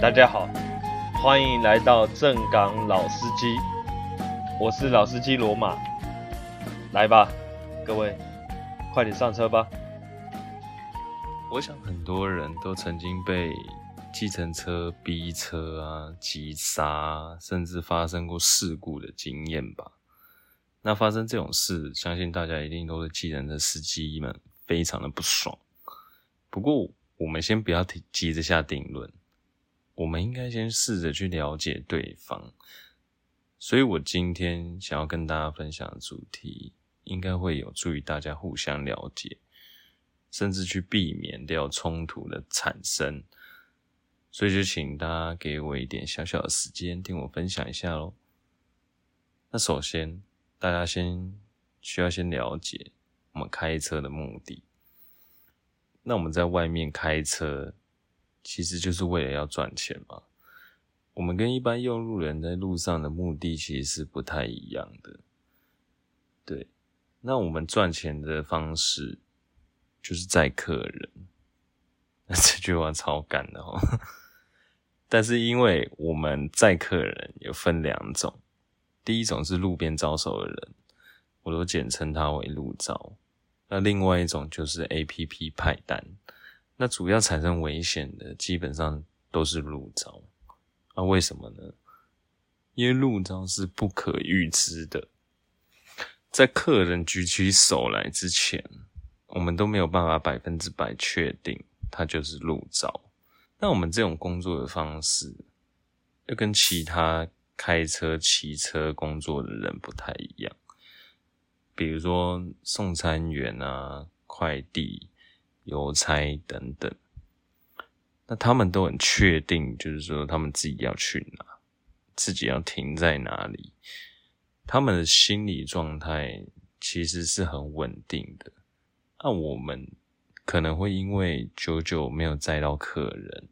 大家好，歡迎來到正港老司機，我是老司機羅馬，來吧，各位，快點上車吧。我想很多人都曾經被計程車逼車啊、急剎，甚至發生過事故的經驗吧。那發生這種事，相信大家一定都對計程車司機們非常的不爽。不過，我們先不要急着下定論。我們應該先試着去了解對方，所以我今天想要跟大家分享的主題，應該會有助於大家互相了解，甚至去避免掉衝突的產生。所以就請大家給我一點小小的時間，聽我分享一下嘍。那首先，大家先需要先了解我們開車的目的。那我們在外面開車。其實就是為了要賺錢嘛。我們跟一般用路人在路上的目的其實是不太一樣的。對，那我們賺錢的方式就是載客人。那 這句話超乾的齁。 但是因為我們載客人有分兩種，第一種是路邊招手的人，我都簡稱他為路招。那另外一種就是 A P P 派單。那主要產生危險的，基本上都是路招，啊，為什麼呢？因為路招是不可預知的，在客人舉起手來之前，我們都沒有辦法百分之百確定他就是路招。那我們這種工作的方式，又跟其他開車、騎車工作的人不太一樣，比如說送餐員啊，快遞。郵差等等，那他們都很確定，就是說他們自己要去哪，自己要停在哪裡，他們的心理狀態其實是很穩定的。那我們可能會因為久久沒有載到客人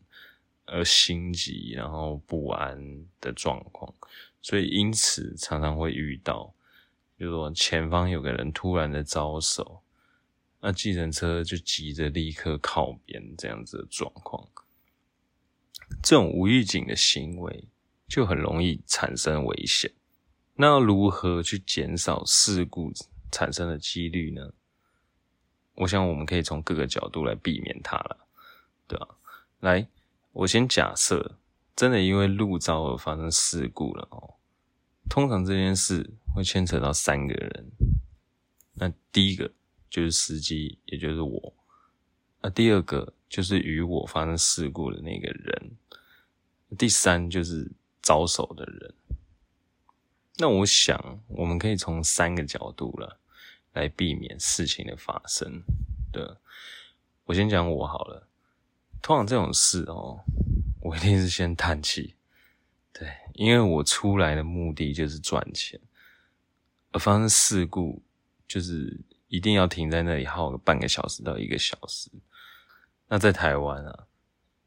而心急，然後不安的狀況，所以因此常常會遇到，就是說前方有個人突然的招手。那計程車就急着立刻靠邊，這樣子的狀況，這種無預警的行為就很容易產生危險。那要如何去減少事故產生的幾率呢？我想我們可以從各個角度來避免它啦，對吧？來，我先假設真的因為路障而發生事故了哦。通常這件事會牽扯到三個人，那第一個。就是司機，也就是我。那第二個就是與我發生事故的那個人。第三就是招手的人。那我想，我們可以從三個角度了來避免事情的發生。對。我先講我好了。通常這種事哦，我一定是先嘆氣。對，因為我出來的目的就是賺錢，而發生事故就是。一定要停在那裡耗個半個小時到一個小時。那在台灣啊，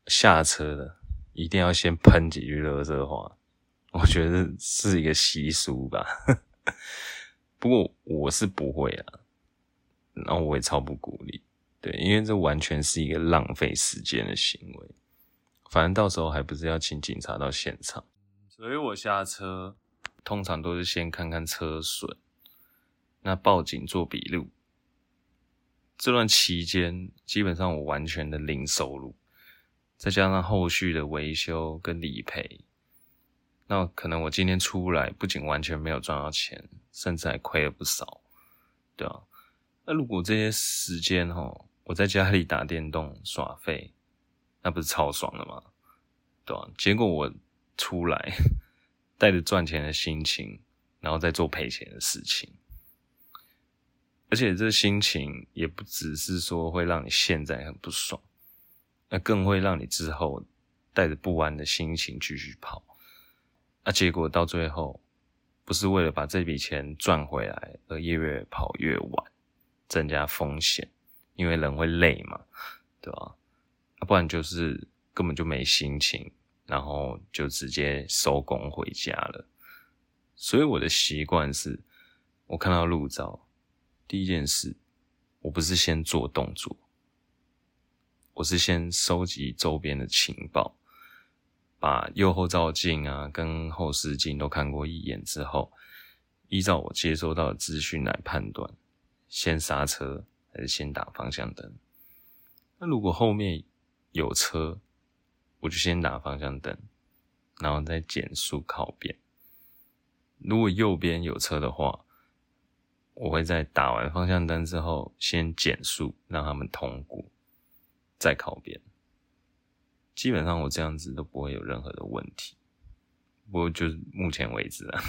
下車的一定要先噴幾句垃圾話，我覺得是一個習俗吧。 不過我是不會啊，那我也超不鼓勵。對，因為這完全是一個浪費時間的行為。反正到時候還不是要請警察到現場。所以我下車通常都是先看看車損。那報警做筆錄，這段期間基本上我完全的零收入，再加上後續的維修跟理賠，那可能我今天出來，不僅完全沒有賺到錢，甚至還虧了不少，對吧、啊？那如果這些時間哦，我在家裡打電動耍廢，那不是超爽了嗎？對吧、啊？結果我出來 帶着賺錢的心情，然後再做賠錢的事情。而且這心情也不只是說會讓你現在很不爽，那更會讓你之後帶着不安的心情繼續跑，那結果到最後不是為了把這筆錢賺回來而越來越跑越晚，增加風險，因為人會累嘛，對吧？那不然就是根本就沒心情，然後就直接收工回家了。所以我的習慣是，我看到路招。第一件事，我不是先做動作，我是先收集周邊的情報，把右後照鏡啊跟後視鏡都看過一眼之後，依照我接收到的資訊來判斷，先剎車還是先打方向燈。那如果後面有車，我就先打方向燈，然後再減速靠邊。如果右邊有車的話，我會在打完方向燈之後先減，先減速讓他們通過，再靠邊。基本上我這樣子都不會有任何的問題，不過就是目前為止啊。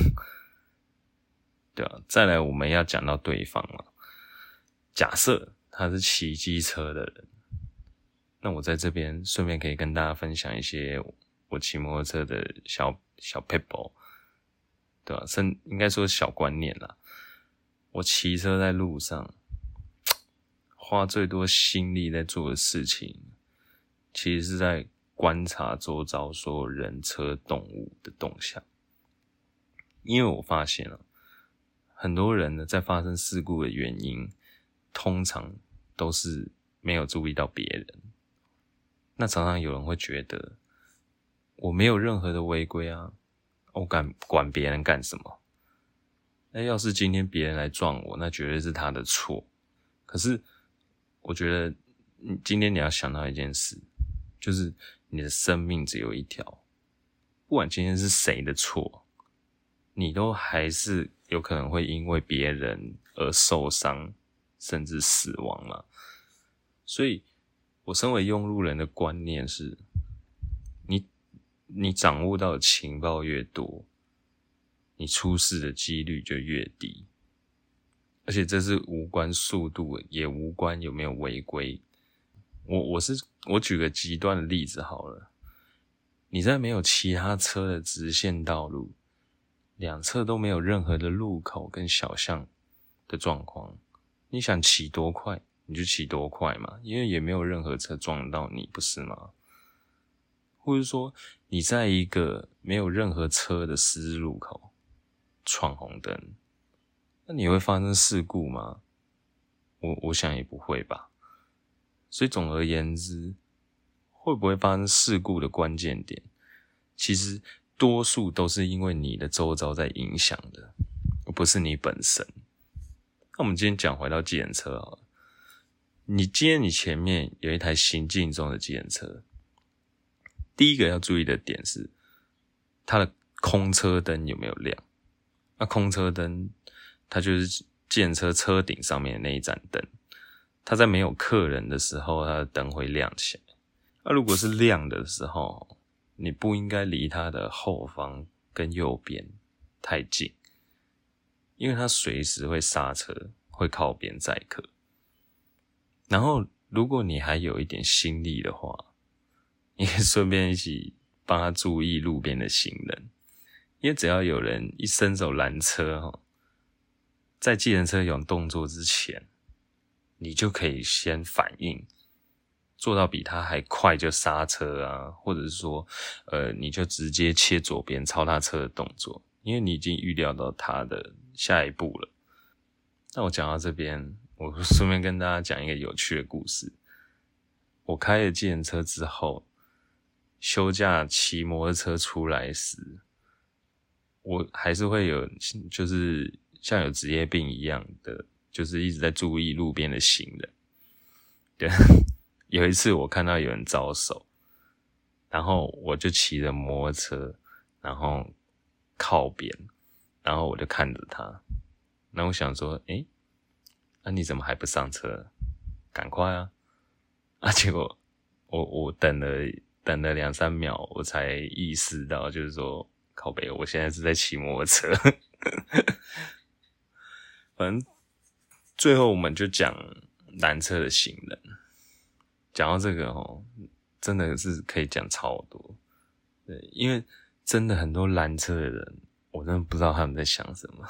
對啊，再來我們要講到對方了。假設他是騎機車的人，那我在這邊順便可以跟大家分享一些我騎摩托車的小小撇步對吧、啊？甚應該說小觀念啦。我騎車在路上，花最多心力在做的事情，其實是在觀察周遭所有人、車、動物的動向。因為我發現啊，很多人呢在發生事故的原因，通常都是沒有注意到別人。那常常有人會覺得，我沒有任何的違規啊，我敢管別人幹什麼？那要是今天別人來撞我，那絕對是他的錯。可是，我覺得，你今天你要想到一件事，就是你的生命只有一條，不管今天是誰的錯，你都還是有可能會因為別人而受傷，甚至死亡了。所以，我身為用路人的觀念是，你，你掌握到的情報越多。你出事的幾率就越低，而且這是無關速度，也無關有沒有違規。我我是我舉個極端的例子好了，你在沒有其他車的直線道路，兩側都沒有任何的路口跟小巷的狀況，你想騎多快你就騎多快嘛，因為也沒有任何車撞到你，不是嗎？或者說你在一個沒有任何車的十字路口。闖紅燈，那你會發生事故嗎？我我想也不會吧。所以總而言之，會不會發生事故的關鍵點，其實多數都是因為你的周遭在影響的，而不是你本身。那我們今天講回到計程車啊，你今天你前面有一台行進中的計程車，第一個要注意的點是，它的空車燈有沒有亮？那、啊、空車燈，它就是計程車車頂上面的那一盞燈。它在沒有客人的時候，它的燈會亮起來。那、啊、如果是亮的時候，你不應該離它的後方跟右邊太近，因為它隨時會剎車，會靠邊載客。然後，如果你還有一點心力的話，你可以順便一起幫他注意路邊的行人。因為只要有人一伸手攔車，在計程車有動作之前，你就可以先反應，做到比他還快就剎車啊，或者是說，呃，你就直接切左邊超他車的動作，因為你已經預料到他的下一步了。那我講到這邊，我順便跟大家講一個有趣的故事。我開了計程車之後，休假騎摩托車出來時。我還是會有，就是像有職業病一樣的，就是一直在注意路邊的行人。對，有一次我看到有人招手，然後我就騎着摩托車，然後靠邊，然後我就看着他，那我想說，誒，啊，你怎麼還不上車？趕快啊！啊，結果我我等了等了兩三秒，我才意識到，就是說。靠北，我現在是在騎摩托車。 反正最後我們就講攔車的行人。講到這個哦，真的是可以講超多。對，因為真的很多攔車的人，我真的不知道他們在想什麼，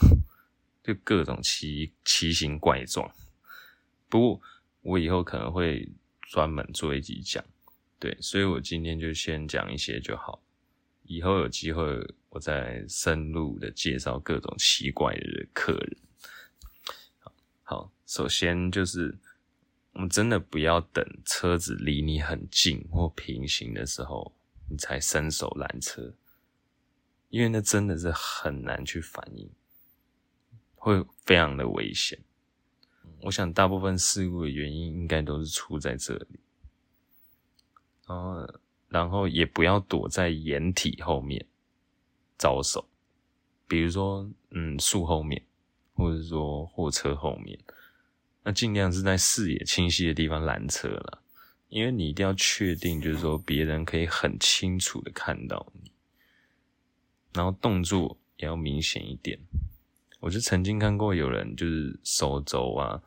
就各種奇奇形怪狀。不過我以後可能會專門做一集講。對，所以我今天就先講一些就好。以後有機會，我再深入的介紹各種奇怪的客人好。好，首先就是我們真的不要等車子離你很近或平行的時候，你才伸手攔車，因為那真的是很難去反應，會非常的危險。我想大部分事故的原因，應該都是出在這裡。然後。然後也不要躲在掩體後面招手，比如說，嗯，樹後面，或者說貨車後面，那盡量是在視野清晰的地方攔車啦，因為你一定要確定，就是說別人可以很清楚地看到你，然後動作也要明顯一點。我就曾經看過有人就是手肘啊，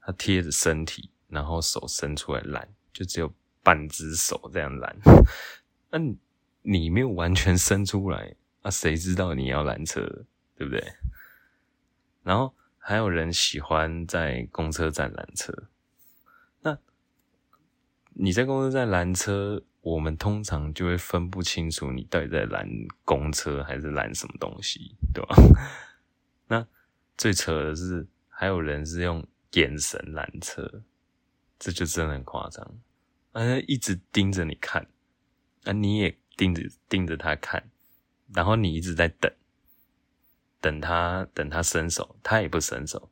他貼着身體，然後手伸出來攔，就只有。半隻手這樣攔，那、 啊、你，你沒有完全伸出來，那、啊、誰知道你要攔車，對不對？然後還有人喜歡在公車站攔車，那你在公車站攔車，我們通常就會分不清楚你到底在攔公車還是攔什麼東西，對吧、啊？ 那最扯的是，還有人是用眼神攔車，這就真的很誇張。他、啊、一直盯着你看，啊你也盯着盯着他看，然後你一直在等，等他等他伸手，他也不伸手。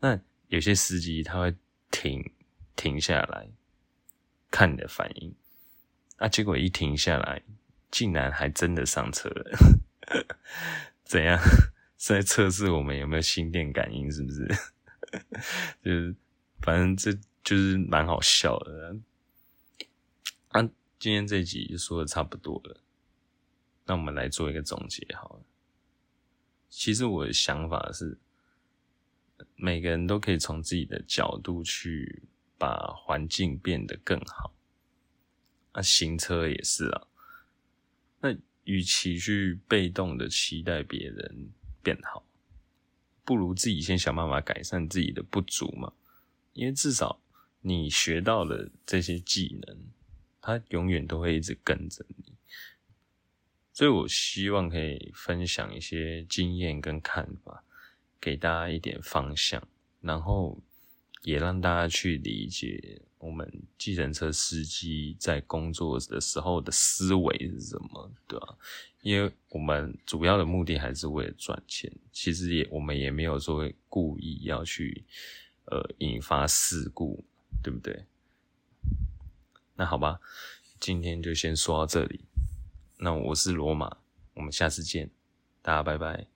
那有些司機他會停停下來，看你的反應。啊，結果一停下來，竟然還真的上車了。 怎樣？是在測試我們有沒有心電感應？是不是？ 就是反正這就是蠻好笑的、啊。啊，今天這集就說的差不多了，那我們來做一個總結好了。其實我的想法是，每個人都可以從自己的角度去把環境變得更好。啊，行車也是啊。那與其去被動的期待別人變好，不如自己先想辦法改善自己的不足嘛。因為至少你學到了這些技能。他永遠都會一直跟着你，所以我希望可以分享一些經驗跟看法，給大家一點方向，然後也讓大家去理解我們計程車司機在工作的時候的思維是什麼，對吧？因為我們主要的目的還是為了賺錢，其實也我們也沒有說會故意要去呃引發事故，對不對？那好吧，今天就先說到這裡。那我是羅馬，我們下次見，大家拜拜。